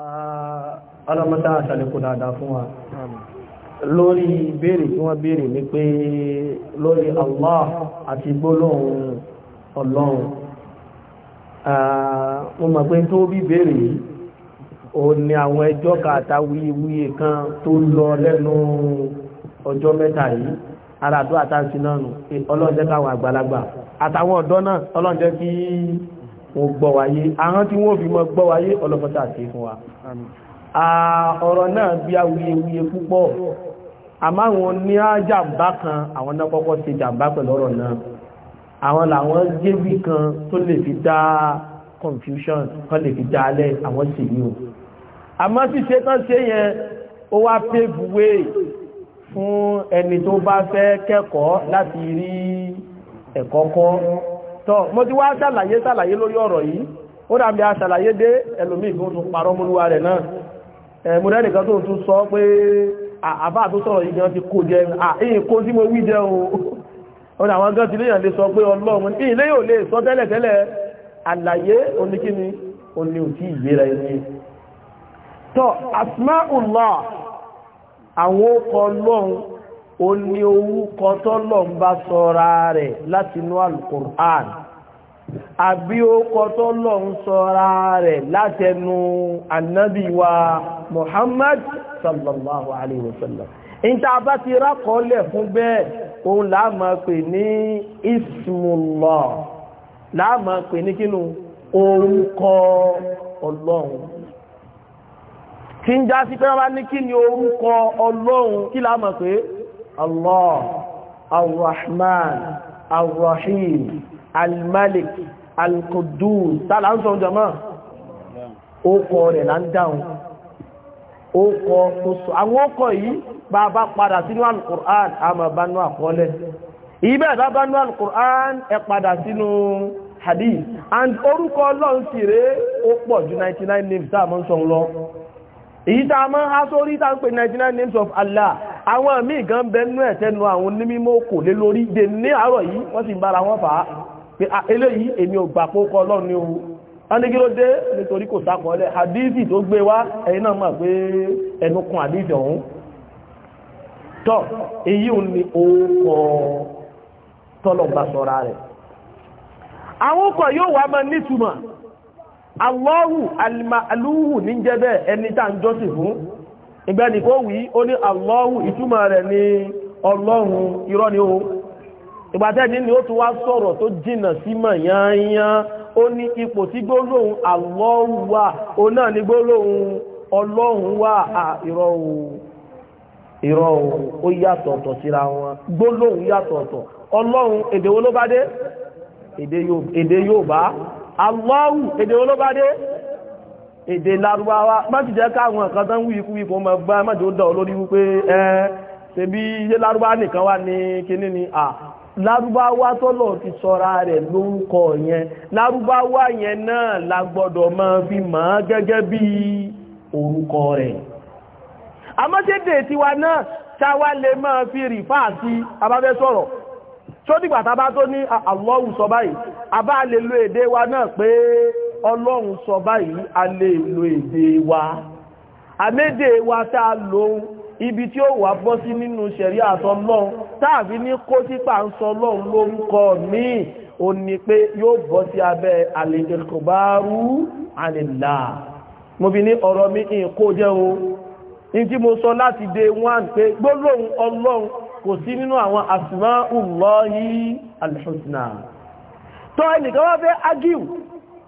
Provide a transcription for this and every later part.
Ah, ọlọ́mọta àṣàlẹ̀kù dáadáa fún wa lórí ìbéèrè tí wọ́n béèrè ní pé lórí Allah àti gbólóhùn ọlọ́run ah, mo mọ̀ pé tó bí béèrè o ní àwọn ẹjọ́ kàtà wíwíye kan tó lọ lẹ́nu ọjọ́ mẹ́ta yìí ara tó àtàǹsí náà nù ọlọ́run jẹ́ káwọn àgbàlagbà àtàwọn ọ̀dọ́ náà ọlọ́run kí wọ́n gbọ́ wáyé àwọn tí wọ́n fi mọ́ gbọ́ wáyé ọlọ́pọ̀tà àti fún wa ọ̀rọ̀ náà bí awuyewuye púpọ̀ àmọ́ àwọn ní jàmbá kan àwọn náà kọ́kọ́ ṣe jàmbá pẹ̀lú ọ̀rọ̀ náà àwọn làwọn jébì kan tó lè fi dá confusion kan lè fi dá alẹ́ àwọn sì ní o àmọ́ sì ṣe tán ṣe yẹn ó wá pave way fún ẹni tó bá fẹ́ kẹ́kọ̀ọ́ láti rí ẹ̀kọ́kọ́ tọ́ mo ti wá ṣàlàyé ṣàlàyé lórí ọ̀rọ̀ yìí ó dàbí aṣàlàyé dé ẹlòmíì kó tún parọ́ mọ́lúwa rẹ̀ náà ẹ̀mú rẹ́nìkan tó tún sọ pé àbá tó sọ̀rọ̀ yìí gan ti kò jẹ ẹ̀yìn o ọ̀nà àwọn gan ti léyàn lè sọ pé ọlọ́run ní ilé yóò lè sọ tẹ́lẹ̀tẹ́lẹ̀ àlàyé o ní àwọn ọkọ̀ ọlọ́run ó ní orúkọ tọ́lọ̀ ń bá sọ́ra rẹ̀ látinú alukur'an àbí orúkọ tọ́lọ̀ ń sọ́ra rẹ̀ latinu annabi wa muhammad sallallahu alaihi wa sallam ìta bá ti rákọọ́lẹ̀ fún bẹ́ẹ̀ òun láàmà pè ní ismullah láàmà pè ní kínú orúkọ ọlọ́run kí ń já sí pé wọ́n ni orúkọ ọlọ́run kí láàmà الله الرحمن الرحيم الملك القدوس تعال انسوا جماعة ó kọ rẹ̀ là ń dáhùn ó kọ tó sọ àwọn al-Qur'an a ma bá nú al-Qur'an ẹ hadith and orúkọ ọlọ́run sì o ju 99 names tá a mọ́ ń sọ lọ èyí tá a mọ́ àwọn míì gan bẹnú ẹ̀ tẹnu àwọn onímọ̀ kò lé lórí dè ní àárọ̀ yìí wọ́n sì ń bára wọn fà á pé eléyìí èmi ò gbà pókọ ọlọ́run ní ohun wọ́n ló dé nítorí kò sákọọ́lẹ̀ hadithi tó gbé wá ẹ̀yin náà mọ̀ pé ẹnu kun hadithi ọ̀hún tọ́ èyí ò ní orúkọ tọ́lọ̀gbà sọ́ra rẹ̀ àwọn ọkọ̀ yóò wá máa nítumọ̀ Allahu ìgbẹ́ni kó wí ó ní Allahu ìtumọ̀ rẹ̀ ní ọlọ́run irọ́ ni ó ìgbàtẹ́ni ni ó tún wá sọ̀rọ̀ tó jìnà sí mọ̀ yányán ó ní ipò tí gbólóhùn Allahu wà ó náà ní gbólóhùn ọlọ́run wà irọ́ irọ́ ó yàtọ̀ ọ̀tọ̀ síra wọn gbólóhùn yàtọ̀ ọ̀tọ̀ èdè wo ló bá dé èdè èdè wo ló bá èdè larubawa mọ́tí jẹ́ káwọn nǹkan tán wí ikú ipò mọ̀ bá mọ́tí ó wípé ẹ́ tẹbí ilé lárúbáwá nìkan wà ní kíní ni à larubawa tọ́lọ̀ ti sọ́ra rẹ̀ ló ń yẹn lárúbáwá yẹn náà la gbọ́dọ̀ fi mọ̀ gẹ́gẹ́ bí orúkọ rẹ̀ àmọ́tẹ́dẹ̀ tiwa náà ṣáwá lè fi rìfáà sí abáfẹ́ sọ̀rọ̀ tó dìgbà tá a bá tó ní sọ a lè lo èdè wa náà pé ọlọ́run sọ báyìí a lè lo èdè wa àmédè wa tá a lò ibi tí ó wà bọ́ sí nínú ṣẹ̀rí àtọlọ́run táàbí ní kó sípà ń sọ ọlọ́run lórúkọ míì ó ní pé yóò bọ́ sí abẹ́ àlèkèkòbárú àlèlà mo fi ní ọ̀rọ̀ mi ìkó jẹ́ o ní tí mo sọ láti day one pé gbólóhùn ọlọ́run kò sí nínú àwọn asma'ullahi al-husna tó ẹnìkan wá fẹ́ agíw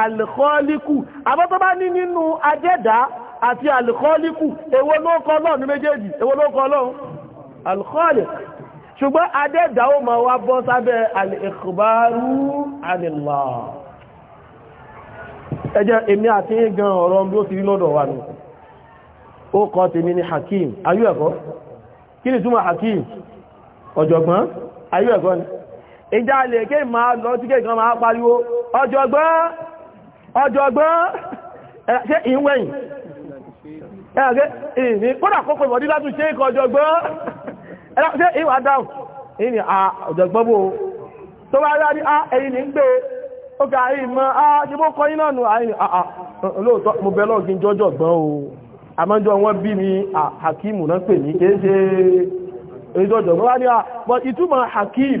alìkọ́líkù àmọ́ tó bá ní nínú ajẹ́dá àti alìkọ́líkù èwo ló kọ́ lọ́n ní méjèèjì èwo ló kọ́ lọ́n alìkọ́lì ṣùgbọ́n ajẹ́dá ó ma wá bọ́ sábẹ́ alìkọ́bárú àlìlá ẹjẹ́ èmi àti gan ọ̀rọ̀ bí ó ti rí lọ́dọ̀ wa nù ó kọ́ tèmi ní hakim ayú ẹ̀kọ́ kí ni ìjà lè ké máa lọ sí kéèkan máa pariwo ọ̀jọ̀gbọ́n Ọjọgbọ́n ṣe ìwẹ̀yìn ẹ̀rẹ́ ìní kódà kókò ìbọ̀dí látú ṣe ikọ̀ ọ̀jọ̀gbọ́n ṣe ìwà ìní bó tó bá rí á ní gbé ókè á ṣe bó kọ́ iná nù mo gbọ́n o àmọ́jọ́ bí mi hakimu náà pè ní gbọ́n wá ní à ìtumọ̀ hakim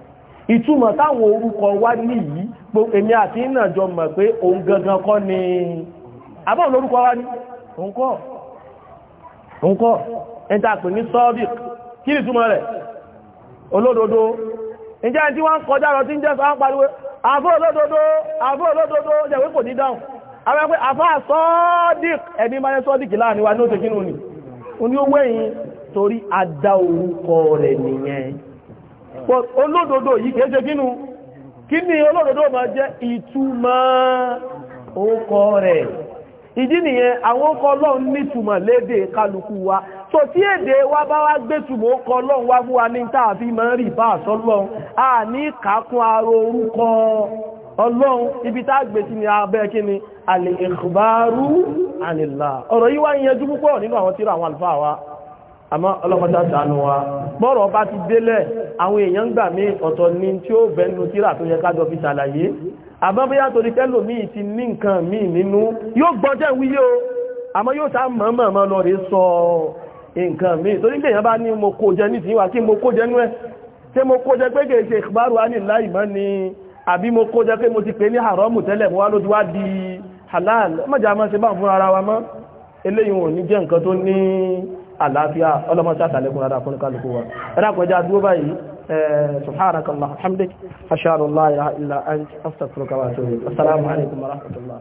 ìtumọ̀ táwọn orúkọ wá ní yìí gbogbo èmi àti ìnà jọ mọ̀ pé òun gangan kọ́ ni àbọ̀ lórúkọ wá ní òǹkọ́ òǹkọ́ ẹntàpè ní sọ́ọ̀dì kí ni túmọ̀ rẹ̀ olódodo ìjẹ́ tí wọ́n ń kọjá lọ tí ń jẹ́ sọ́ọ́ pariwo àfọ́ olódodo àfọ́ olódodo jẹ́ wa ní ó ti kínú ni ó ní but olódodo yìí kìí ṣe kínú kí ni olódodo máa jẹ́ ìtumọ̀ orúkọ rẹ̀ ìdí nìyẹn àwọn orúkọ ọlọ́run nítumọ̀ lédè kálukú wa so tí èdè wa bá wá gbétumọ̀ orúkọ ọlọ́run wá fún wa ní tààfí mọ́ rí bá àsọ́lọ́run a ní kàákún aró orúkọ ọlọ́run ibi tá gbé sí ni abẹ́ kí ni al-ikhbaru anillah ọ̀rọ̀ yìí wá ń yẹjú púpọ̀ nínú àwọn tíra àwọn àmọ́ ọlọ́pàá sàánú wa bọ́rọ̀ bá ti délẹ̀ àwọn èèyàn gbà mí ọ̀tọ̀ ni tí ó bẹnu tíra tó yẹ kájọ fi ṣàlàyé àmọ́ bóyá torí kẹ́lò míì ti ní nǹkan míì nínú yóò gbọ́jẹ́ wíyé o àmọ́ yóò sá mọ̀ọ́mọ̀ lọ rí sọ nǹkan míì torí pé èèyàn bá ní mo kó jẹ nísìnyí wà kí mo kó jẹ nú ẹ ṣé mo kó jẹ pé kèé ṣe ìbáru wa ní láì mọ́ ni àbí mo kó jẹ pé mo ti pè ní haramu tẹ́lẹ̀ mo wá ló wá di halal mọ́jà mọ́ ṣe bá fún ara wa mọ́ eléyìí wọn ò ní jẹ́ nǹkan tó ní àlàáfíà ọlọ́mọṣẹ́ àtàlẹ́kùn rárá fún kálukú wa ẹ̀rọ àkọjá dúró báyìí سبحانك اللهم وبحمدك اشهد ان لا اله الا انت استغفرك واتوب السلام عليكم ورحمه الله